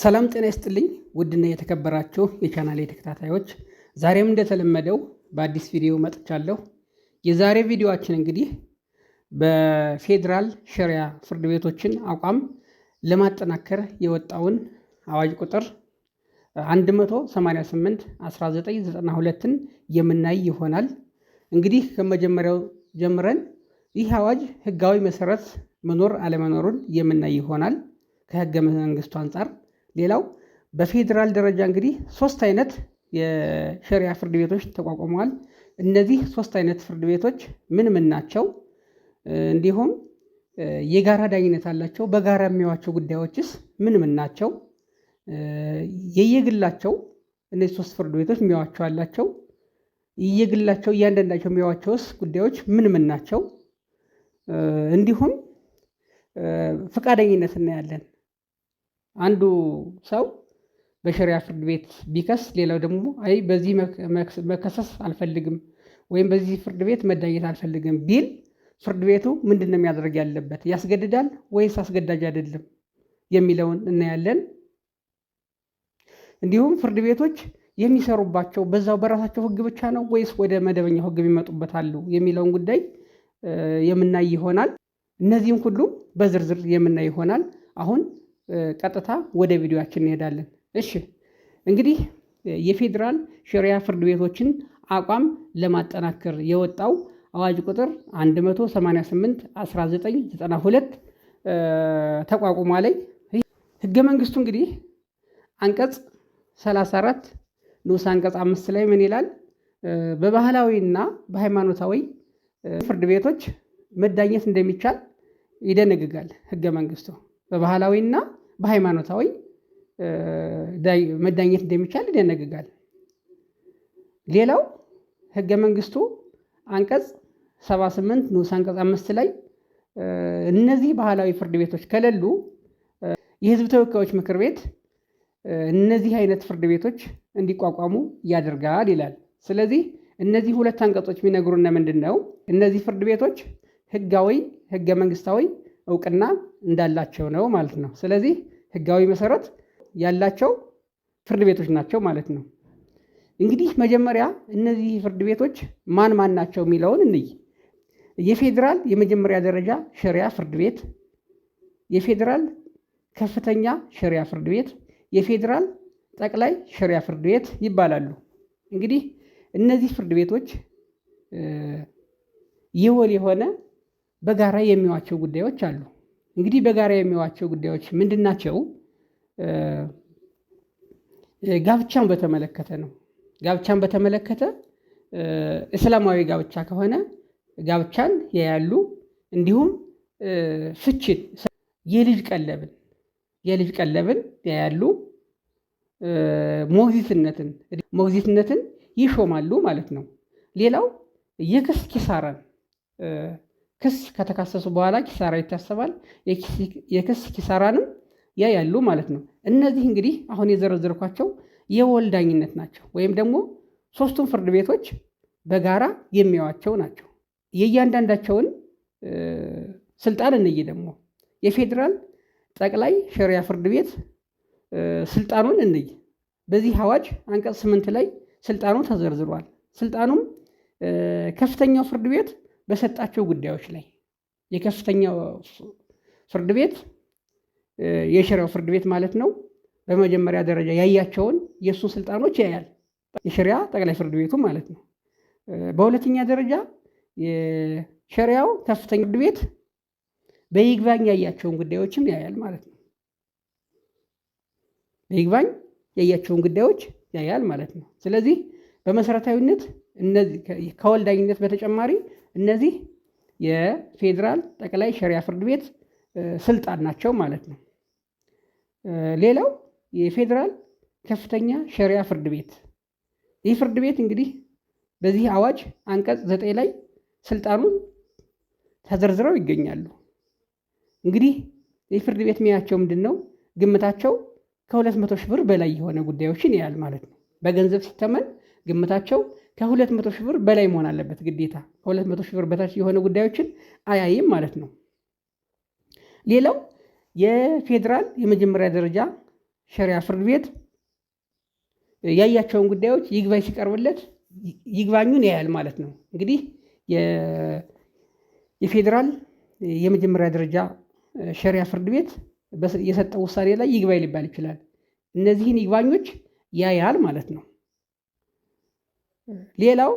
ሰላም ጤና ይስጥልኝ ውድና የተከበራችሁ የቻናሌ ተከታታዮች፣ ዛሬም እንደተለመደው በአዲስ ቪዲዮ መጥቻለሁ። የዛሬ ቪዲዮችን እንግዲህ በፌዴራል ሸሪያ ፍርድ ቤቶችን አቋም ለማጠናከር የወጣውን አዋጅ ቁጥር 188 1992ን የምናይ ይሆናል። እንግዲህ ከመጀመሪያው ጀምረን ይህ አዋጅ ህጋዊ መሰረት መኖር አለመኖሩን የምናይ ይሆናል ከህገ መንግስቱ አንጻር ሌላው በፌዴራል ደረጃ እንግዲህ ሶስት አይነት የሸሪያ ፍርድ ቤቶች ተቋቁመዋል። እነዚህ ሶስት አይነት ፍርድ ቤቶች ምን ምን ናቸው? እንዲሁም የጋራ ዳኝነት አላቸው። በጋራ የሚያዋቸው ጉዳዮችስ ምን ምን ናቸው? የየግላቸው እነዚህ ሶስት ፍርድ ቤቶች የሚያዋቸው አላቸው። የየግላቸው እያንዳንዳቸው የሚያዋቸውስ ጉዳዮች ምን ምን ናቸው? እንዲሁም ፈቃደኝነት እናያለን። አንዱ ሰው በሸሪያ ፍርድ ቤት ቢከስ ሌላው ደግሞ አይ በዚህ መከሰስ አልፈልግም ወይም በዚህ ፍርድ ቤት መዳኘት አልፈልግም ቢል ፍርድ ቤቱ ምንድን ነው የሚያደርግ ያለበት? ያስገድዳል ወይስ አስገዳጅ አይደለም የሚለውን እናያለን። እንዲሁም ፍርድ ቤቶች የሚሰሩባቸው በዛው በራሳቸው ህግ ብቻ ነው ወይስ ወደ መደበኛው ህግ የሚመጡበት አሉ የሚለውን ጉዳይ የምናይ ይሆናል። እነዚህም ሁሉ በዝርዝር የምናይ ይሆናል አሁን ቀጥታ ወደ ቪዲዮችን እንሄዳለን። እሺ እንግዲህ የፌዴራል ሸሪያ ፍርድ ቤቶችን አቋም ለማጠናከር የወጣው አዋጅ ቁጥር 188 1992 ተቋቁሟ ላይ ህገ መንግስቱ እንግዲህ አንቀጽ 34 ንዑስ አንቀጽ አምስት ላይ ምን ይላል? በባህላዊና በሃይማኖታዊ ፍርድ ቤቶች መዳኘት እንደሚቻል ይደነግጋል ህገ መንግስቱ በባህላዊና በሃይማኖታዊ መዳኘት እንደሚቻል ይደነግጋል። ሌላው ህገ መንግስቱ አንቀጽ 78 ስምንት ንዑስ አንቀጽ አምስት ላይ እነዚህ ባህላዊ ፍርድ ቤቶች ከሌሉ የህዝብ ተወካዮች ምክር ቤት እነዚህ አይነት ፍርድ ቤቶች እንዲቋቋሙ ያደርጋል ይላል። ስለዚህ እነዚህ ሁለት አንቀጾች የሚነግሩን ምንድን ነው? እነዚህ ፍርድ ቤቶች ህጋዊ፣ ህገ መንግስታዊ እውቅና እንዳላቸው ነው ማለት ነው። ስለዚህ ህጋዊ መሰረት ያላቸው ፍርድ ቤቶች ናቸው ማለት ነው። እንግዲህ መጀመሪያ እነዚህ ፍርድ ቤቶች ማን ማን ናቸው የሚለውን እንይ። የፌዴራል የመጀመሪያ ደረጃ ሸሪያ ፍርድ ቤት፣ የፌዴራል ከፍተኛ ሸሪያ ፍርድ ቤት፣ የፌዴራል ጠቅላይ ሸሪያ ፍርድ ቤት ይባላሉ። እንግዲህ እነዚህ ፍርድ ቤቶች ይወል የሆነ በጋራ የሚዋቸው ጉዳዮች አሉ። እንግዲህ በጋራ የሚዋቸው ጉዳዮች ምንድን ናቸው? ጋብቻን በተመለከተ ነው። ጋብቻን በተመለከተ እስላማዊ ጋብቻ ከሆነ ጋብቻን ያያሉ። እንዲሁም ፍቺን፣ የልጅ ቀለብን የልጅ ቀለብን ያያሉ። ሞግዚትነትን ሞግዚትነትን ይሾማሉ ማለት ነው። ሌላው የክስ ኪሳራን ክስ ከተካሰሱ በኋላ ኪሳራ ይታሰባል። የክስ ኪሳራንም ያ ያሉ ማለት ነው። እነዚህ እንግዲህ አሁን የዘረዘርኳቸው የወል ዳኝነት ናቸው፣ ወይም ደግሞ ሶስቱም ፍርድ ቤቶች በጋራ የሚያዋቸው ናቸው። የእያንዳንዳቸውን ስልጣን እንይ ደግሞ የፌዴራል ጠቅላይ ሸሪያ ፍርድ ቤት ስልጣኑን እንይ። በዚህ አዋጅ አንቀጽ ስምንት ላይ ስልጣኑ ተዘርዝሯል። ስልጣኑም ከፍተኛው ፍርድ ቤት በሰጣቸው ጉዳዮች ላይ የከፍተኛው ፍርድ ቤት የሽሪያው ፍርድ ቤት ማለት ነው። በመጀመሪያ ደረጃ ያያቸውን የእሱ ስልጣኖች ያያል፣ የሽሪያ ጠቅላይ ፍርድ ቤቱ ማለት ነው። በሁለተኛ ደረጃ የሸሪያው ከፍተኛ ፍርድ ቤት በይግባኝ ያያቸውን ጉዳዮችም ያያል ማለት ነው። በይግባኝ ያያቸውን ጉዳዮች ያያል ማለት ነው። ስለዚህ በመሰረታዊነት እነዚህ በተጨማሪ እነዚህ የፌዴራል ጠቅላይ ሸሪያ ፍርድ ቤት ስልጣን ናቸው ማለት ነው። ሌላው የፌዴራል ከፍተኛ ሸሪያ ፍርድ ቤት ይህ ፍርድ ቤት እንግዲህ በዚህ አዋጅ አንቀጽ ዘጠኝ ላይ ስልጣኑን ተዘርዝረው ይገኛሉ። እንግዲህ ይህ ፍርድ ቤት ሚያቸው ምንድን ነው? ግምታቸው ከሁለት መቶ ሺህ ብር በላይ የሆነ ጉዳዮችን ያያል ማለት ነው። በገንዘብ ሲተመን ግምታቸው ከሁለት መቶ ሺህ ብር በላይ መሆን አለበት ግዴታ። ከሁለት መቶ ሺህ ብር በታች የሆነ ጉዳዮችን አያይም ማለት ነው። ሌላው የፌዴራል የመጀመሪያ ደረጃ ሸሪያ ፍርድ ቤት ያያቸውን ጉዳዮች ይግባኝ ሲቀርብለት ይግባኙን ያያል ማለት ነው። እንግዲህ የፌዴራል የመጀመሪያ ደረጃ ሸሪያ ፍርድ ቤት የሰጠው ውሳኔ ላይ ይግባኝ ሊባል ይችላል። እነዚህን ይግባኞች ያያል ማለት ነው። ሌላው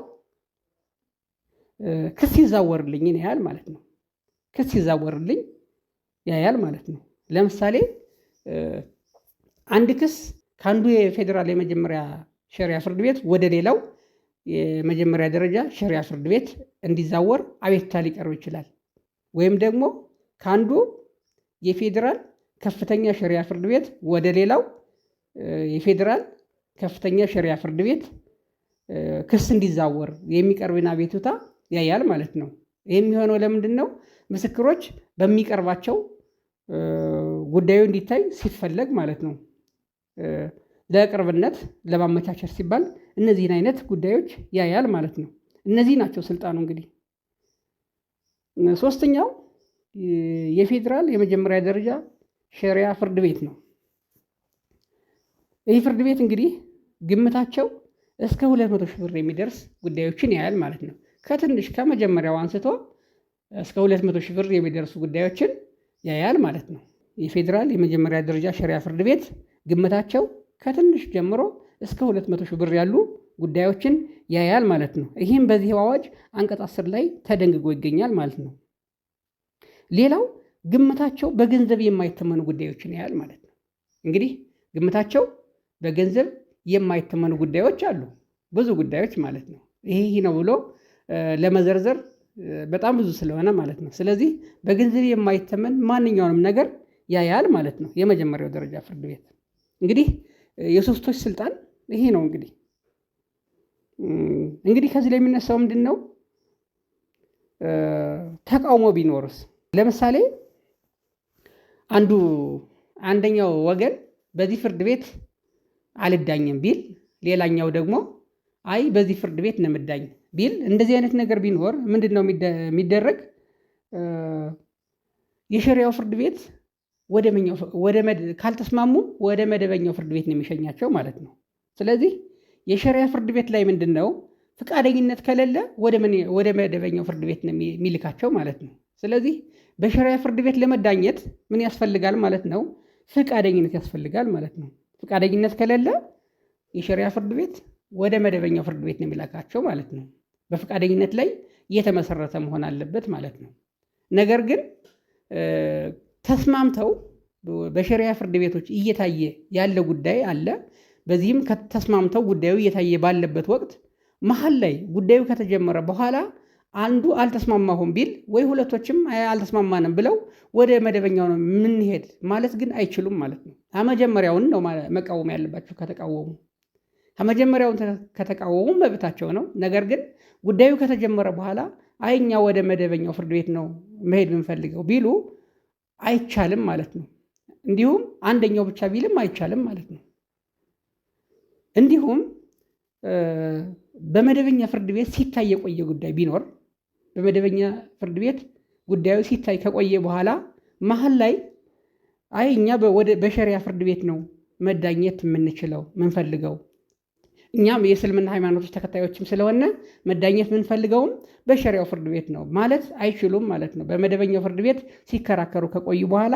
ክስ ይዛወርልኝ ያህል ማለት ነው። ክስ ይዛወርልኝ ያያል ማለት ነው። ለምሳሌ አንድ ክስ ከአንዱ የፌዴራል የመጀመሪያ ሸሪያ ፍርድ ቤት ወደ ሌላው የመጀመሪያ ደረጃ ሸሪያ ፍርድ ቤት እንዲዛወር አቤቱታ ሊቀርብ ይችላል። ወይም ደግሞ ከአንዱ የፌዴራል ከፍተኛ ሸሪያ ፍርድ ቤት ወደ ሌላው የፌዴራል ከፍተኛ ሸሪያ ፍርድ ቤት ክስ እንዲዛወር የሚቀርብን አቤቱታ ያያል ማለት ነው። ይህ የሚሆነው ለምንድን ነው? ምስክሮች በሚቀርባቸው ጉዳዩ እንዲታይ ሲፈለግ ማለት ነው። ለቅርብነት ለማመቻቸት ሲባል እነዚህን አይነት ጉዳዮች ያያል ማለት ነው። እነዚህ ናቸው ስልጣኑ። እንግዲህ ሶስተኛው የፌዴራል የመጀመሪያ ደረጃ ሸሪያ ፍርድ ቤት ነው። ይህ ፍርድ ቤት እንግዲህ ግምታቸው እስከ ሁለት መቶ ሺህ ብር የሚደርስ ጉዳዮችን ያያል ማለት ነው። ከትንሽ ከመጀመሪያው አንስቶ እስከ ሁለት መቶ ሺህ ብር የሚደርሱ ጉዳዮችን ያያል ማለት ነው። የፌዴራል የመጀመሪያ ደረጃ ሸሪያ ፍርድ ቤት ግምታቸው ከትንሽ ጀምሮ እስከ ሁለት መቶ ሺህ ብር ያሉ ጉዳዮችን ያያል ማለት ነው። ይህም በዚህ አዋጅ አንቀጽ አስር ላይ ተደንግጎ ይገኛል ማለት ነው። ሌላው ግምታቸው በገንዘብ የማይተመኑ ጉዳዮችን ያያል ማለት ነው። እንግዲህ ግምታቸው በገንዘብ የማይተመኑ ጉዳዮች አሉ። ብዙ ጉዳዮች ማለት ነው። ይሄ ነው ብሎ ለመዘርዘር በጣም ብዙ ስለሆነ ማለት ነው። ስለዚህ በገንዘብ የማይተመን ማንኛውንም ነገር ያያል ማለት ነው። የመጀመሪያው ደረጃ ፍርድ ቤት እንግዲህ የሶስቶች ስልጣን ይሄ ነው። እንግዲህ እንግዲህ ከዚህ ላይ የሚነሳው ምንድን ነው? ተቃውሞ ቢኖርስ? ለምሳሌ አንዱ አንደኛው ወገን በዚህ ፍርድ ቤት አልዳኝም ቢል፣ ሌላኛው ደግሞ አይ በዚህ ፍርድ ቤት ነው የምዳኝ ቢል፣ እንደዚህ አይነት ነገር ቢኖር ምንድን ነው የሚደረግ? የሸሪያው ፍርድ ቤት ካልተስማሙ ወደ መደበኛው ፍርድ ቤት ነው የሚሸኛቸው ማለት ነው። ስለዚህ የሸሪያ ፍርድ ቤት ላይ ምንድን ነው ፈቃደኝነት ከሌለ ወደ መደበኛው ፍርድ ቤት ነው የሚልካቸው ማለት ነው። ስለዚህ በሸሪያ ፍርድ ቤት ለመዳኘት ምን ያስፈልጋል ማለት ነው? ፈቃደኝነት ያስፈልጋል ማለት ነው። ፈቃደኝነት ከሌለ የሸሪያ ፍርድ ቤት ወደ መደበኛው ፍርድ ቤት ነው የሚላካቸው ማለት ነው። በፈቃደኝነት ላይ እየተመሰረተ መሆን አለበት ማለት ነው። ነገር ግን ተስማምተው በሸሪያ ፍርድ ቤቶች እየታየ ያለ ጉዳይ አለ። በዚህም ተስማምተው ጉዳዩ እየታየ ባለበት ወቅት መሀል ላይ ጉዳዩ ከተጀመረ በኋላ አንዱ አልተስማማሁም ቢል ወይ ሁለቶችም አልተስማማንም ብለው ወደ መደበኛው ነው የምንሄድ ማለት ግን አይችሉም ማለት ነው። አመጀመሪያውን ነው መቃወም ያለባቸው ከተቃወሙ ከመጀመሪያውን ከተቃወሙ መብታቸው ነው። ነገር ግን ጉዳዩ ከተጀመረ በኋላ አይኛ ወደ መደበኛው ፍርድ ቤት ነው መሄድ የምንፈልገው ቢሉ አይቻልም ማለት ነው። እንዲሁም አንደኛው ብቻ ቢልም አይቻልም ማለት ነው። እንዲሁም በመደበኛ ፍርድ ቤት ሲታይ የቆየ ጉዳይ ቢኖር በመደበኛ ፍርድ ቤት ጉዳዩ ሲታይ ከቆየ በኋላ መሀል ላይ አይ እኛ በሸሪያ ፍርድ ቤት ነው መዳኘት የምንችለው ምንፈልገው እኛም የእስልምና ሃይማኖቶች ተከታዮችም ስለሆነ መዳኘት የምንፈልገውም በሸሪያው ፍርድ ቤት ነው ማለት አይችሉም ማለት ነው። በመደበኛው ፍርድ ቤት ሲከራከሩ ከቆዩ በኋላ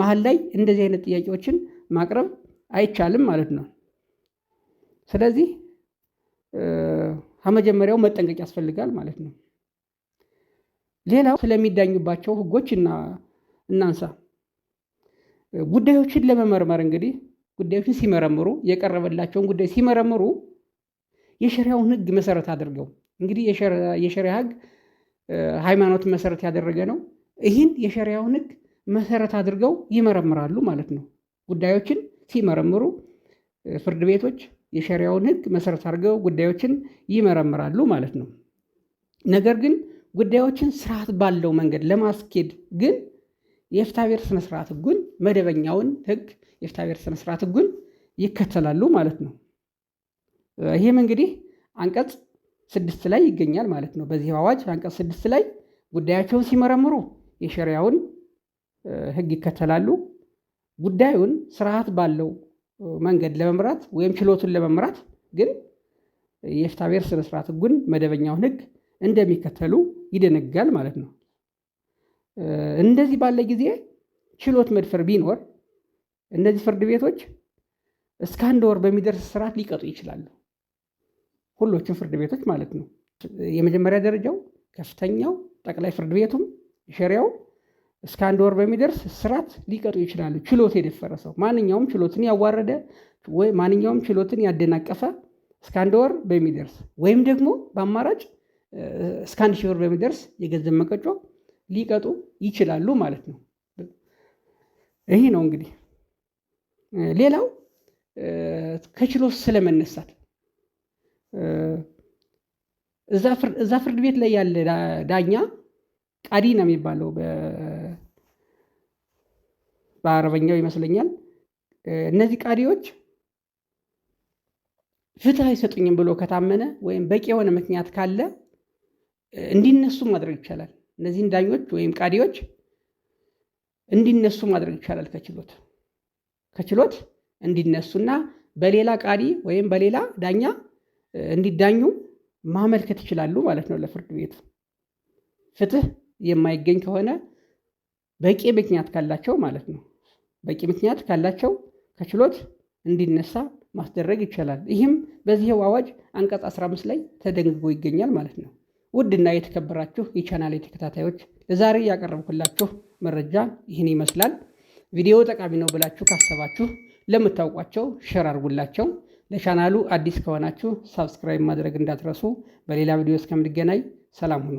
መሀል ላይ እንደዚህ አይነት ጥያቄዎችን ማቅረብ አይቻልም ማለት ነው። ስለዚህ ከመጀመሪያው መጠንቀቅ ያስፈልጋል ማለት ነው። ሌላው ስለሚዳኙባቸው ህጎች እናንሳ። ጉዳዮችን ለመመርመር እንግዲህ ጉዳዮችን ሲመረምሩ የቀረበላቸውን ጉዳይ ሲመረምሩ የሸሪያውን ህግ መሰረት አድርገው እንግዲህ የሸሪያ ህግ ሃይማኖት መሰረት ያደረገ ነው። ይህን የሸሪያውን ህግ መሰረት አድርገው ይመረምራሉ ማለት ነው። ጉዳዮችን ሲመረምሩ ፍርድ ቤቶች የሸሪያውን ህግ መሰረት አድርገው ጉዳዮችን ይመረምራሉ ማለት ነው። ነገር ግን ጉዳዮችን ስርዓት ባለው መንገድ ለማስኬድ ግን የፍትሐብሔር ስነስርዓት ህጉን መደበኛውን ህግ የፍትሐብሔር ስነስርዓት ህጉን ይከተላሉ ማለት ነው። ይህም እንግዲህ አንቀጽ ስድስት ላይ ይገኛል ማለት ነው። በዚህ አዋጅ አንቀጽ ስድስት ላይ ጉዳያቸውን ሲመረምሩ የሸሪያውን ህግ ይከተላሉ። ጉዳዩን ስርዓት ባለው መንገድ ለመምራት ወይም ችሎቱን ለመምራት ግን የፍትሐብሔር ስነስርዓት ህጉን መደበኛውን ህግ እንደሚከተሉ ይደነጋል ማለት ነው። እንደዚህ ባለ ጊዜ ችሎት መድፈር ቢኖር እነዚህ ፍርድ ቤቶች እስከ አንድ ወር በሚደርስ ስርዓት ሊቀጡ ይችላሉ። ሁሎችም ፍርድ ቤቶች ማለት ነው። የመጀመሪያ ደረጃው፣ ከፍተኛው፣ ጠቅላይ ፍርድ ቤቱም ሸሪያው እስከ አንድ ወር በሚደርስ ስርዓት ሊቀጡ ይችላሉ። ችሎት የደፈረ ሰው ማንኛውም ችሎትን ያዋረደ ወይ ማንኛውም ችሎትን ያደናቀፈ እስከ አንድ ወር በሚደርስ ወይም ደግሞ በአማራጭ እስከ አንድ ሺህ ብር በሚደርስ የገንዘብ መቀጮ ሊቀጡ ይችላሉ ማለት ነው። ይሄ ነው እንግዲህ። ሌላው ከችሎት ስለመነሳት እዛ ፍርድ ቤት ላይ ያለ ዳኛ ቃዲ ነው የሚባለው በአረበኛው ይመስለኛል። እነዚህ ቃዲዎች ፍትህ አይሰጡኝም ብሎ ከታመነ ወይም በቂ የሆነ ምክንያት ካለ እንዲነሱ ማድረግ ይቻላል። እነዚህን ዳኞች ወይም ቃዲዎች እንዲነሱ ማድረግ ይቻላል። ከችሎት ከችሎት እንዲነሱና በሌላ ቃዲ ወይም በሌላ ዳኛ እንዲዳኙ ማመልከት ይችላሉ ማለት ነው ለፍርድ ቤቱ። ፍትህ የማይገኝ ከሆነ በቂ ምክንያት ካላቸው ማለት ነው በቂ ምክንያት ካላቸው ከችሎት እንዲነሳ ማስደረግ ይቻላል። ይህም በዚህው አዋጅ አንቀጽ 15 ላይ ተደንግጎ ይገኛል ማለት ነው። ውድና የተከበራችሁ የቻናል ተከታታዮች ለዛሬ ያቀረብኩላችሁ መረጃ ይህን ይመስላል። ቪዲዮ ጠቃሚ ነው ብላችሁ ካሰባችሁ ለምታውቋቸው ሸር አድርጉላቸው። ለቻናሉ አዲስ ከሆናችሁ ሳብስክራይብ ማድረግ እንዳትረሱ። በሌላ ቪዲዮ እስከምንገናኝ ሰላም ሁኑ።